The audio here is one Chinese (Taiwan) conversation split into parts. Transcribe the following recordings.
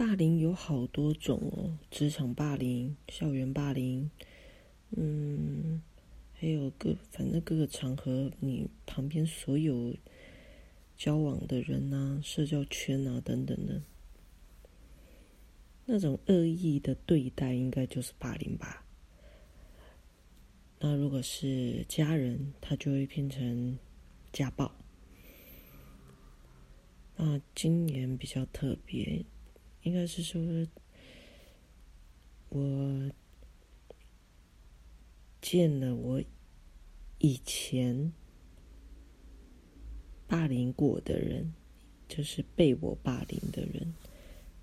霸凌有好多種哦，職場霸凌、校園霸凌，嗯，還有各反正各個場合，你旁邊所有交往的人吶、啊、社交圈啊等等的，那種惡意的對待，應該就是霸凌吧。那如果是家人，他就會變成家暴。那今年比較特別。應該是說，我見了我以前霸凌過的人，就是被我霸凌的人，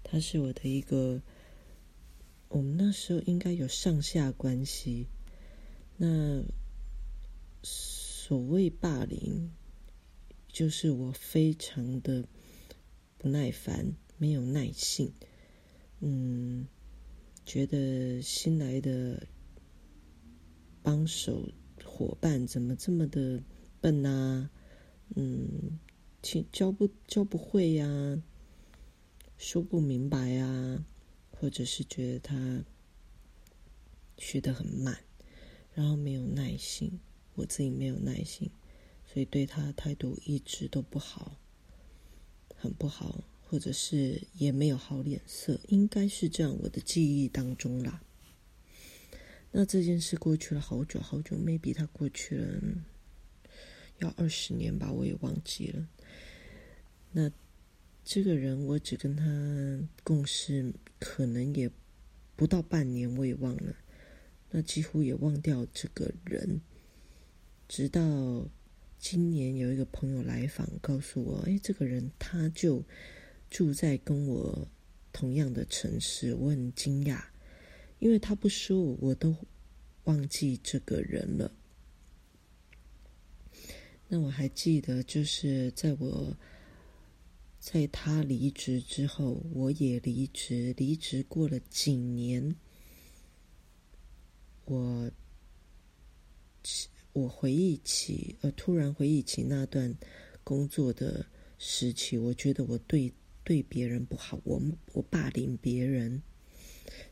他是我的一個，我們那時候應該有上下關係。那所謂霸凌，就是我非常的不耐煩。沒有耐性，嗯，覺得新來的幫手夥伴怎麼這麼的笨吶啊？嗯，教不教不會呀啊？說不明白啊？或者是覺得他學得很慢，然後沒有耐心，我自己沒有耐心，所以對他的態度一直都不好，很不好。或者是也沒有好臉色，應該是這樣，我的記憶當中啦。那這件事過去了好久好久，Maybe 他過去了要二十年吧，我也忘記了。那這個人我只跟他共事，可能也不到半年，我也忘了。那幾乎也忘掉這個人，直到今年有一個朋友來訪，告訴我，哎，這個人他就。住在跟我同樣的城市，我很驚訝，因為他不說，我都忘記這個人了。那我還記得，就是在我在他離職之後，我也離職，離職過了幾年，我我回憶起，呃，突然回憶起那段工作的時期，我覺得我對。對別人不好，我我霸凌別人，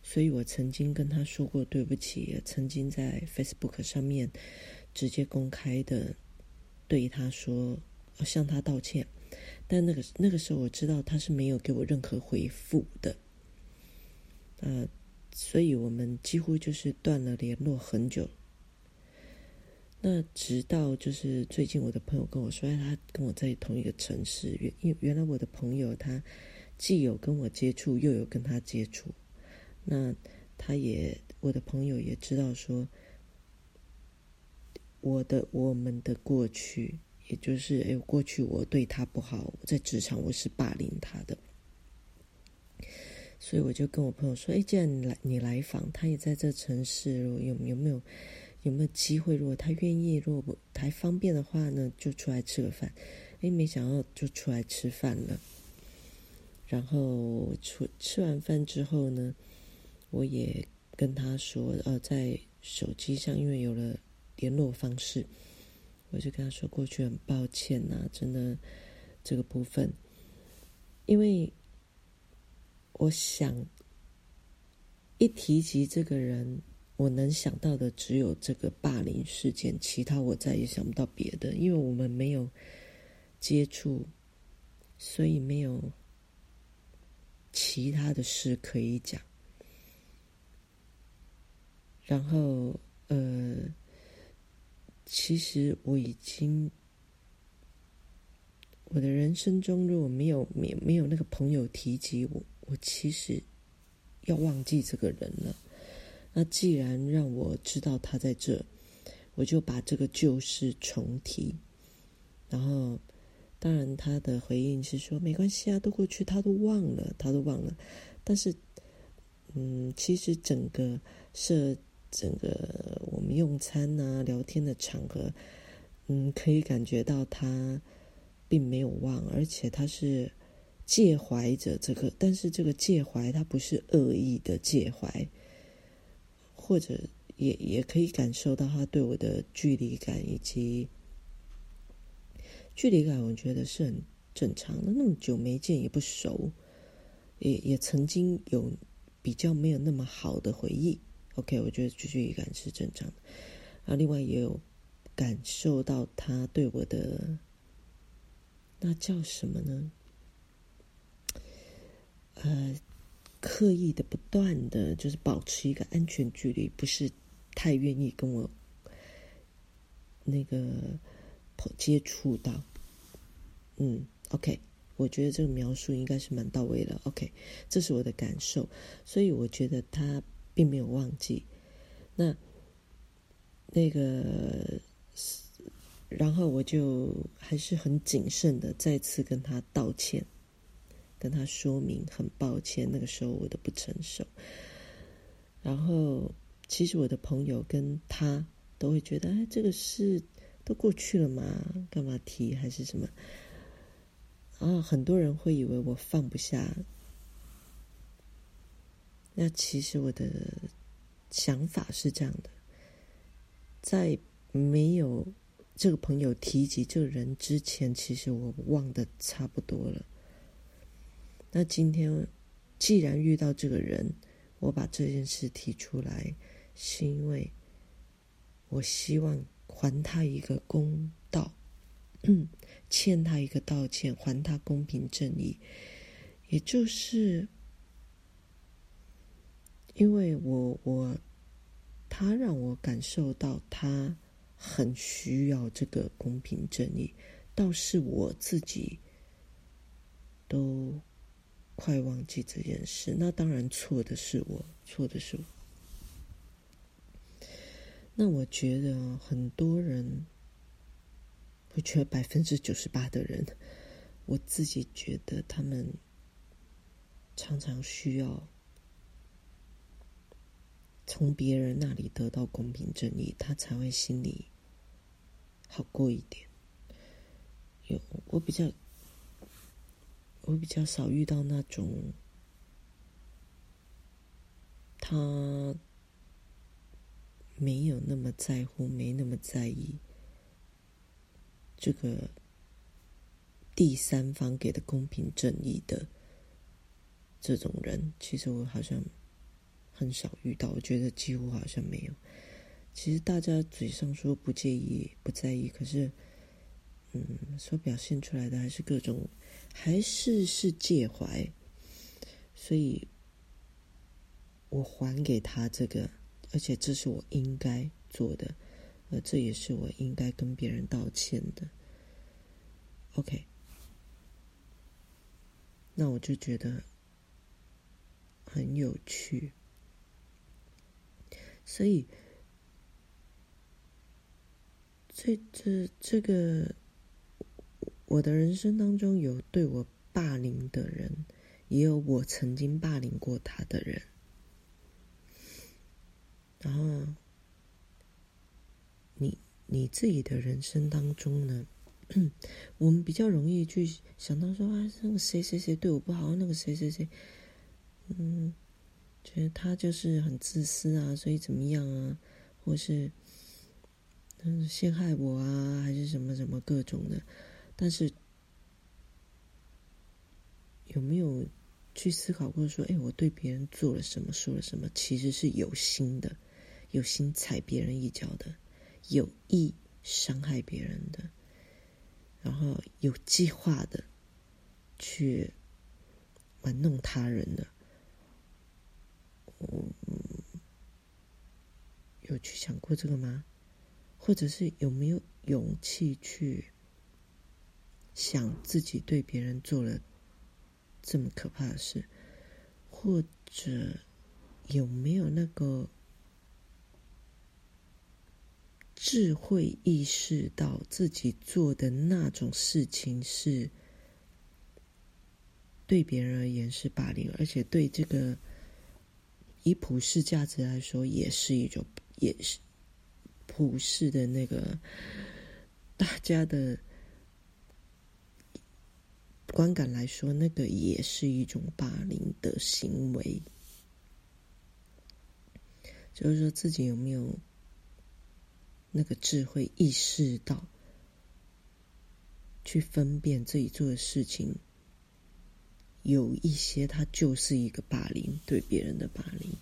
所以我曾經跟他說過對不起，也曾經在 Facebook 上面直接公開的對他說，向他道歉，但那個那個時候我知道他是沒有給我任何回復的，呃，所以我們幾乎就是斷了聯絡很久。那直到就是最近，我的朋友跟我說、哎，他跟我在同一個城市。原原來我的朋友他既有跟我接觸，又有跟他接觸。那他也，我的朋友也知道說，我的，我們的過去，也就是、哎、過去我對他不好，在職場我是霸凌他的。所以我就跟我朋友說，誒、哎，既然你來你來訪，他也在這城市，有有沒有？有沒有機會？如果他願意，如果不太方便的話呢，就出來吃個飯。誒，沒想到就出來吃飯了。然後出，吃完飯之後呢，我也跟他說，呃，在手機上，因為有了聯絡方式，我就跟他說，過去很抱歉啊，真的這個部分，因為我想一提及這個人。我能想到的只有這個霸凌事件，其他我再也想不到別的，因為我們沒有接觸，所以沒有其他的事可以講。然後，呃，其實我已經我的人生中如果沒有沒沒有那個朋友提及我，我其實要忘記這個人了。那既然讓我知道他在這，我就把這個舊事重提。然後，當然他的回應是說：“沒關係啊，都過去，他都忘了，他都忘了。”但是，嗯，其實整個設整個我們用餐啊、聊天的場合，嗯，可以感覺到他並沒有忘，而且他是介懷着這個，但是這個介懷他不是惡意的介懷。或者也也可以感受到他對我的距離感，以及距離感，我覺得是很正常的。那麼久沒見也不熟，也也曾經有比較沒有那麼好的回憶。OK，我覺得距離感是正常的。啊，另外也有感受到他對我的那叫什麼呢？呃。刻意的、不斷的就是保持一個安全距離，不是太願意跟我那個接觸到。嗯，OK，我覺得這個描述應該是蠻到位了。OK，這是我的感受，所以我覺得他並沒有忘記。那那個，然後我就還是很謹慎的，再次跟他道歉。跟他說明很抱歉，那個時候我都不成熟。然後，其實我的朋友跟他都會覺得，哎，這個事都過去了嗎？幹嘛提還是什麼？啊，很多人會以為我放不下。那其實我的想法是這樣的，在沒有這個朋友提及這個人之前，其實我忘得差不多了。那今天，既然遇到這個人，我把這件事提出來，是因為我希望還他一個公道，嗯，欠他一個道歉，還他公平正義。也就是，因為我我，他讓我感受到他很需要這個公平正義，倒是我自己都。快忘記這件事，那當然錯的是我，錯的是我。那我覺得很多人，我覺得百分之九十八的人，我自己覺得他們常常需要從別人那裡得到公平正義，他才會心裡好過一點。有我比較。我比較少遇到那種，他沒有那麼在乎，沒那麼在意這個第三方給的公平正義的這種人。其實我好像很少遇到，我覺得幾乎好像沒有。其實大家嘴上說不介意、不在意，可是。嗯，所表現出來的還是各種，還是是介懷，所以我還給他這個，而且這是我應該做的，呃，這也是我應該跟別人道歉的。OK，那我就覺得很有趣，所以這這這個。我的人生當中有對我霸凌的人，也有我曾經霸凌過他的人。然後，你你自己的人生當中呢，我們比較容易去想到說啊，那個誰誰誰對我不好，那個誰誰誰，嗯，覺得他就是很自私啊，所以怎麼樣啊，或是嗯陷害我啊，還是什麼什麼各種的。但是，有沒有去思考過說：“哎、欸，我對別人做了什麼，說了什麼，其實是有心的，有心踩別人一腳的，有意傷害別人的，然後有計劃的去玩弄他人的？”我有去想過這個嗎？或者是有沒有勇氣去？想自己對別人做了這麼可怕的事，或者有沒有那個智慧意識到自己做的那種事情，是對別人而言是霸凌，而且對這個以普世價值來說也是一種，也是普世的那個大家的觀感來說，那個也是一種霸凌的行為。就是說自己有沒有那個智慧，意識到去分辨自己做的事情，有一些它就是一個霸凌，對別人的霸凌。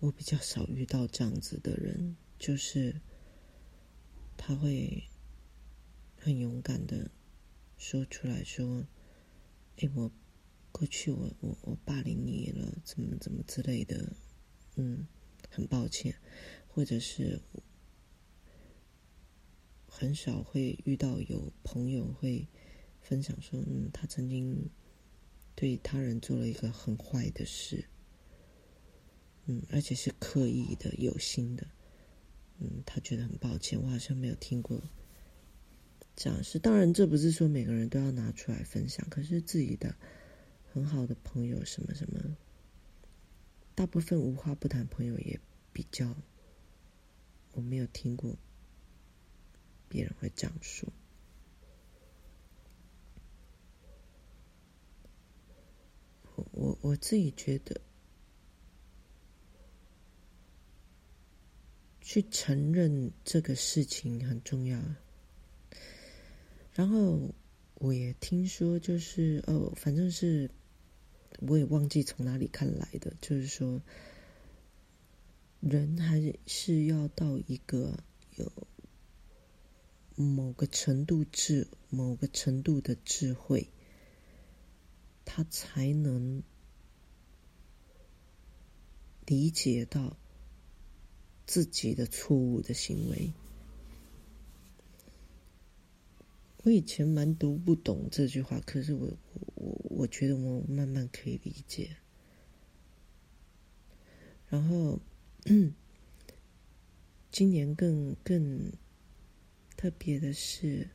我比較少遇到這樣子的人，就是。他會很勇敢的說出來說：“欸，我過去我我我霸凌你了，怎麼怎麼之類的，嗯，很抱歉。”或者是很少會遇到有朋友會分享說：“嗯，他曾經對他人做了一個很壞的事，嗯，而且是刻意的、有心的。”嗯，他覺得很抱歉。我好像沒有聽過，講是當然，這不是說每個人都要拿出來分享。可是自己的很好的朋友，什麼什麼，大部分無話不談，朋友也比較，我沒有聽過別人會這樣說。我我，我自己覺得。去承認這個事情很重要。然後我也聽說，就是哦，反正是我也忘記從哪裡看來的，就是說，人還是要到一個有某個程度智、某個程度的智慧，他才能理解到自己的錯誤的行為，我以前蠻讀不懂這句話，可是我我我覺得我慢慢可以理解。然後，今年更更特別的是，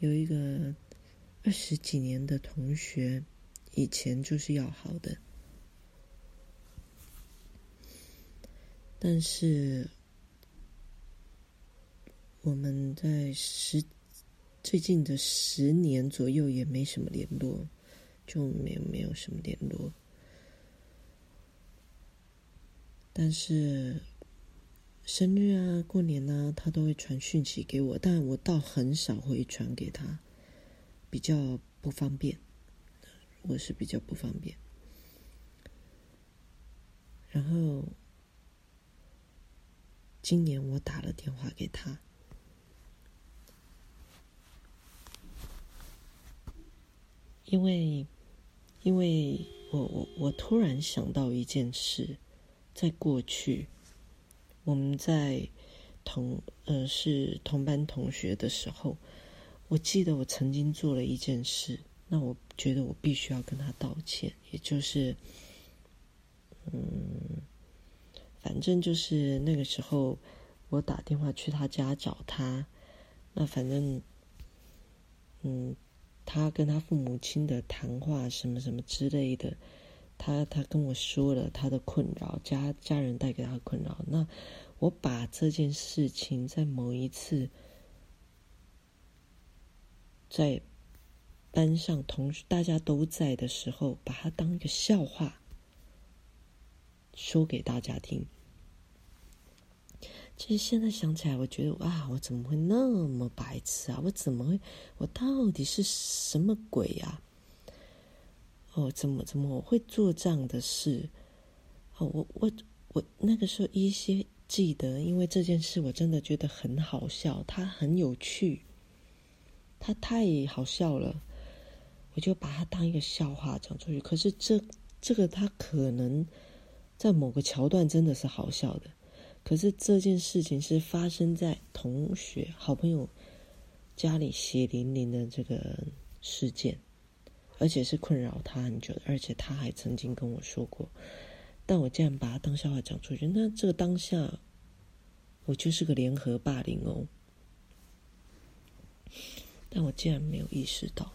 有一個二十幾年的同學，以前就是要好的。但是我們在十最近的十年左右也沒什麼聯絡，就沒有沒有什麼聯絡。但是生日啊、過年啊，他都會傳訊息給我，但我倒很少會傳給他，比較不方便。我是比較不方便。然後。今年我打了電話給他，因為因為我我我突然想到一件事，在過去我們在同呃是同班同學的時候，我記得我曾經做了一件事，那我覺得我必須要跟他道歉，也就是嗯。反正就是那個時候，我打電話去他家找他。那反正，嗯，他跟他父母親的談話，什麼什麼之類的，他他跟我說了他的困擾，家家人帶給他的困擾。那我把這件事情在某一次在班上同學大家都在的時候，把他當一個笑話。說給大家聽。其實現在想起來，我覺得哇，我怎麼會那麼白痴啊？我怎麼會？我到底是什麼鬼啊？哦，怎麼怎麼我會做這樣的事？哦，我我我那個時候依稀記得，因為這件事我真的覺得很好笑，它很有趣，它太好笑了，我就把它當一個笑話講出去。可是這這個它可能，在某個橋段真的是好笑的，可是這件事情是發生在同學、好朋友家裡血淋淋的這個事件，而且是困擾他很久的，而且他還曾經跟我說過。但我竟然把他當笑話講出去，那這個當下，我就是個聯合霸凌哦。但我竟然沒有意識到，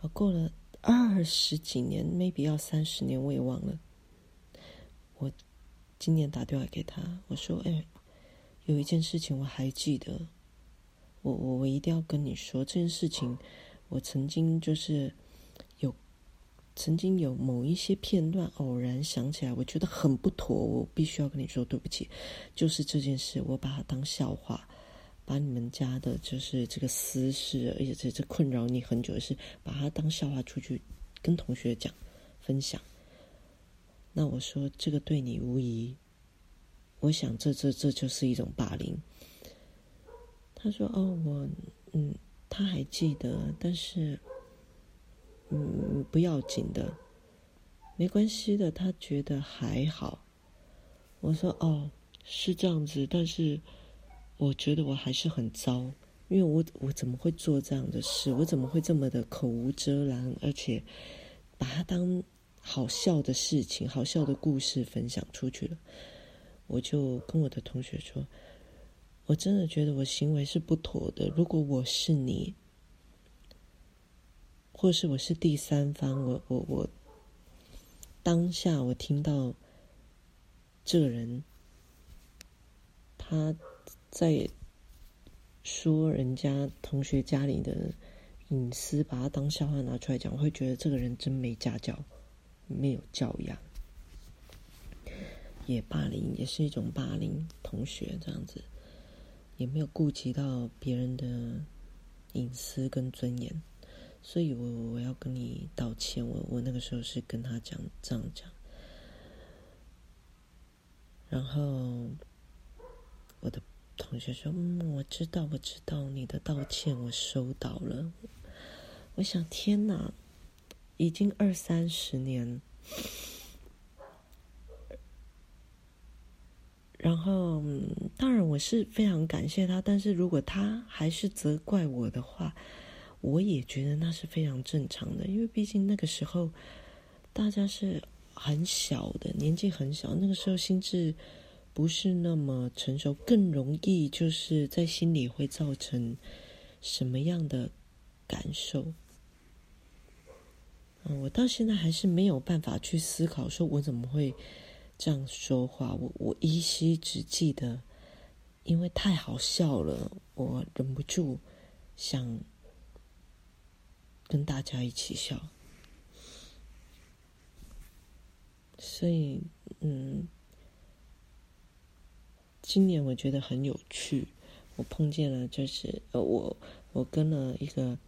啊，過了二十幾年，沒必要三十年，我也忘了。今年打電話給他，我說：“哎，有一件事情我還記得，我我我一定要跟你說這件事情。我曾經就是有曾經有某一些片段偶然想起來，我覺得很不妥，我必須要跟你說對不起。就是這件事，我把它當笑話，把你們家的就是這個私事，而且這這困擾你很久的事，把它當笑話出去跟同學講分享。”那我說這個對你無疑，我想這這這就是一種霸凌。他說：“哦，我嗯，他還記得，但是嗯，不要緊的，沒關係的。”他覺得還好。我說：“哦，是這樣子，但是我覺得我還是很糟，因為我我怎麼會做這樣的事？我怎麼會這麼的口無遮攔，而且把他當？”好笑的事情、好笑的故事分享出去了，我就跟我的同學說：“我真的覺得我行為是不妥的。如果我是你，或是我是第三方，我我我，當下我聽到這個人他在說人家同學家裡的隱私，把他當笑話拿出來講，我會覺得這個人真沒家教。”沒有教養，也霸凌，也是一種霸凌同學這樣子，也沒有顧及到別人的隱私跟尊嚴，所以我我要跟你道歉。我我那個時候是跟他講這樣講，然後我的同學說：“嗯，我知道，我知道你的道歉，我收到了。”我想，天哪！已經二三十年，然後當然我是非常感謝他，但是如果他還是責怪我的話，我也覺得那是非常正常的，因為畢竟那個時候大家是很小的，年紀很小，那個時候心智不是那麼成熟，更容易就是在心裡會造成什麼樣的感受。嗯，我到現在還是沒有辦法去思考，說我怎麼會這樣說話。我我依稀只記得，因為太好笑了，我忍不住想跟大家一起笑。所以，嗯，今年我覺得很有趣，我碰見了，就是呃、哦，我我跟了一個，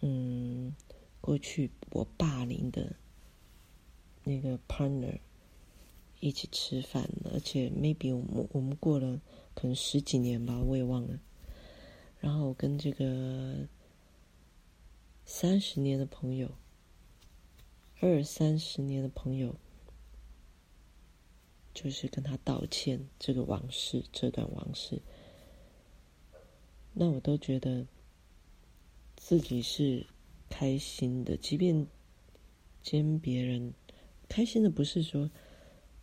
嗯。過去我霸凌的那個 partner 一起吃飯了，而且 maybe 我們我們過了可能十幾年吧，我也忘了。然後我跟這個三十年的朋友，二三十年的朋友，就是跟他道歉這個往事，這段往事，那我都覺得自己是，開心的，即便兼別人開心的，不是說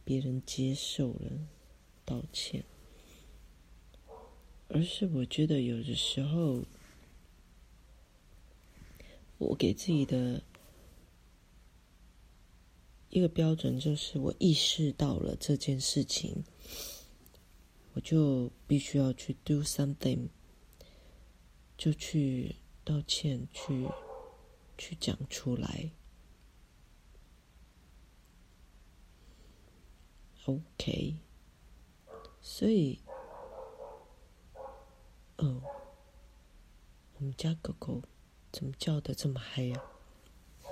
別人接受了道歉，而是我覺得有的時候我給自己的一個標準就是，我意識到了這件事情，我就必須要去 do something，就去道歉去。去講出來，OK。所以，哦，我們家狗狗怎麼叫得這麼嗨呀，啊？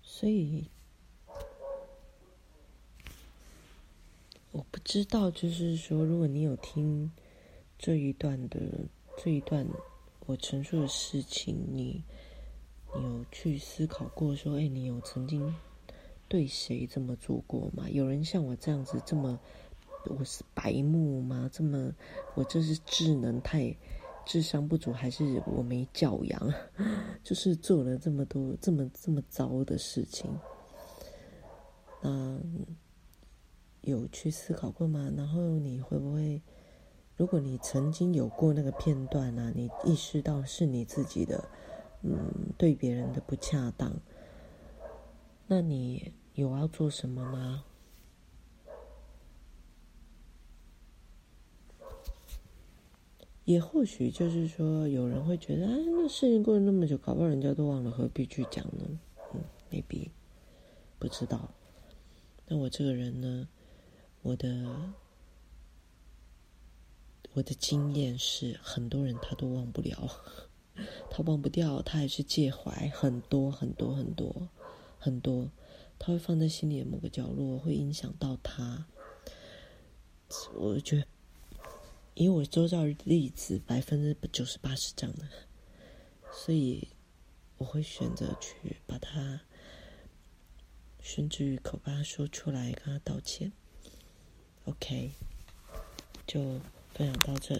所以，我不知道，就是說，如果你有聽這一段的。這一段我陳述的事情，你有去思考過？說，哎，你有曾經對誰這麼做過嗎？有人像我這樣子這麼，我是白目嗎？這麼，我這是智能、太智商不足，還是我沒教養？就是做了這麼多這麼這麼糟的事情，嗯，有去思考過嗎？然後你會不會？如果你曾經有過那個片段呢？你意識到是你自己的，嗯，對別人的不恰當，那你有要做什麼嗎？也或許就是說，有人會覺得，哎，那事情過了那麼久，搞不好人家都忘了，何必去講呢？嗯，maybe，不知道。那我這個人呢，我的。我的經驗是，很多人他都忘不了，他忘不掉，他還是介懷很多很多很多很多，他會放在心裡的某個角落，會影響到他。所以我覺得，因為我周遭的例子百分之九十八是這樣的，所以我會選擇去把他宣之於口，把他說出來，跟他道歉。OK，就。非常抱歉。